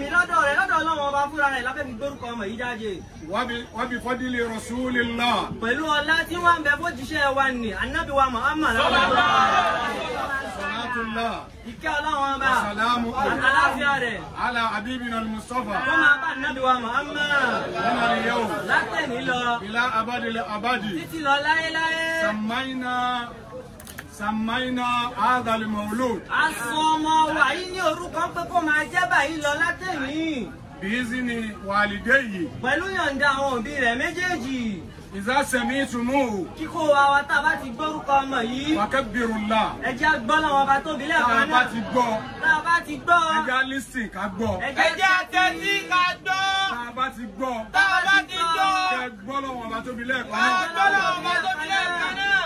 àmì lọ́dọ̀ rẹ̀ lọ́dọ̀ ọlọ́run ọba fúnra rẹ̀ láfẹ́ fi gbórúkọ ọmọ yìí jáde. wọ́n bí fọ́dílé Rasulillah. pẹ̀lú ọlá tí wọ́n ń bẹ fójíṣẹ́ wa nì anábì wa Muhammad. ìkẹ́ ọlọ́run ọba àtàláfíà rẹ̀. ala abibina Mustafa. wọ́n máa bá anábì wa Muhammad. wọ́n máa yẹ abadi. títí lọ láéláé sàmáyínà àádàlì mọ̀lúd. a sọ ọmọ wa yìí ní orúkọ pé kó máa jẹ́ báyìí lọ látẹ̀yìn. bíyìí ni wàlídé yìí. pẹ̀lú yọ̀ǹda àwọn òbí rẹ̀ méjèèjì. ìzásẹ̀mí ìtumú. kíkó wa wa tá a bá ti gbórúkọ ọmọ yìí. wàkẹ́ bìrù ńlá. ẹ jẹ́ gbọ́ lọ́wọ́ bá tóbi lẹ́ẹ̀kan náà. tá a bá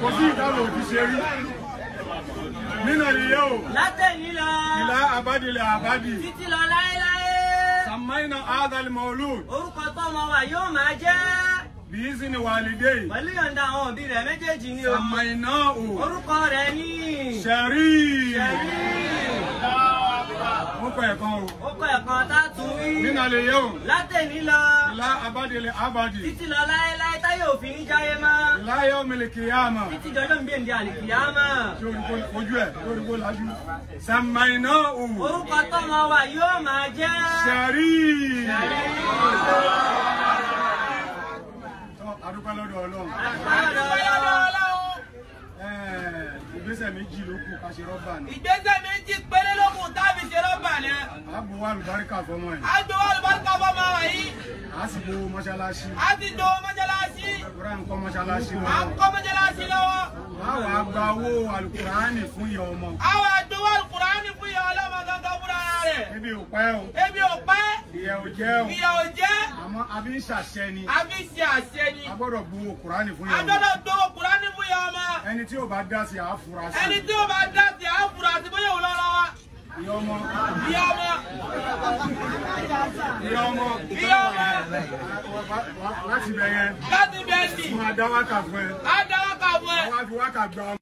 kò sí ìdáhùn òbí ṣe rí nínú ìyẹ́ o. látẹ̀yìn lọ. ìlà àbádì lè àbádì. títí lọ láéláé. sàmáìnà àádọ́lì mọ̀ọ́lù. orúkọ tọ́mọ wa yóò máa jẹ́. bíyìísí ni wàlídé yìí. pẹ̀lú yọ̀ǹda àwọn òbí rẹ̀ méjèèjì ni o. sàmáìnà o. orúkọ rẹ̀ ni. sẹ̀rí. sẹ̀rí kọ ẹ̀kan o. ó kọ ẹ̀kan tá a tún rí. nínú alẹ́ yẹ o. látẹ̀ní lọ. ìlà abádìlẹ̀ abàdì. títí lọ láéláé táyé òfin ní jáyé mọ́. láyé òmìnir kìyàmà. títí jọjọ́ ń gbé ǹdí àlè kìyàmà. yorùbá ojú ẹ̀ yorùbá lajú. sàmàìnà o. orúkọ tọmọ wa yóò máa jẹ́. sẹ̀rí. sẹ̀rí. àdúpẹ́ lọ́dọ̀ ọlọ́run. àdúpẹ́ ìgbésẹ̀ méjì ló kù ká ṣe rọ́bà náà. ìgbésẹ̀ méjì péré ló kù tá ṣe rọ́bà náà. a gbowó àlùbáríkà fọmọ yìí. a gbowó àlùbáríkà fọmọ yìí. a sì gbowó mọ́ṣáláṣí. a sì gbowó mọ́ṣáláṣí. ìkura ń kọ́ mọ́ṣáláṣí lọ́wọ́. a ń kọ́ mọ́ṣáláṣí lọ́wọ́. a wà á gba owó alukurani fún ìyá ọmọ. a wà á gbowó alukurani fún ìyá ọlọ́mọ gangan fúnra ò jẹ o. ìyà ò jẹ. àmọ́ a fi ń ṣàṣẹ ni. a fi ń ṣe àṣẹ ni. a gbọ́dọ̀ gbowó kurani fún ìyá a gbọ́dọ̀ gbowó kurani fún ìyá ẹni tí yóò bá dá sí àáfura sí. ẹni tí yóò bá dá sí àáfura sí bóyá òun lára wa. ìyá ọmọ. ìyá ọmọ. ìyá ọmọ. ìyá ọmọ. láti bẹ̀ yẹn. láti bẹ̀ yẹn. mo máa dá fún ẹ. á fún ẹ. àwọn àfi wákà